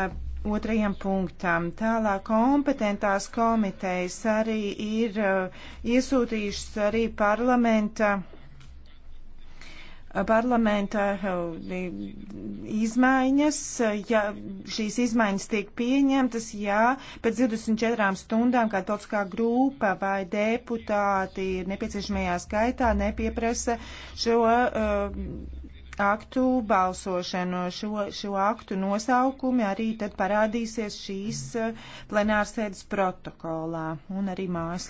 Eh, otrajam punktam tālāk kompetentās komitejas arī ir eh, iesūtījušas arī parlamenta eh, parlamenta izmaiņas, ja šīs izmaiņas tiek pieņemtas, ja pēc 24 stundām kā tautiskā grupa vai deputāti nepieciešamajā skaitā nepieprasa šo uh, aktu balsošanu. Šo, šo aktu nosaukumi arī tad parādīsies šīs eh, plenārsēdes protokolā un arī mājas.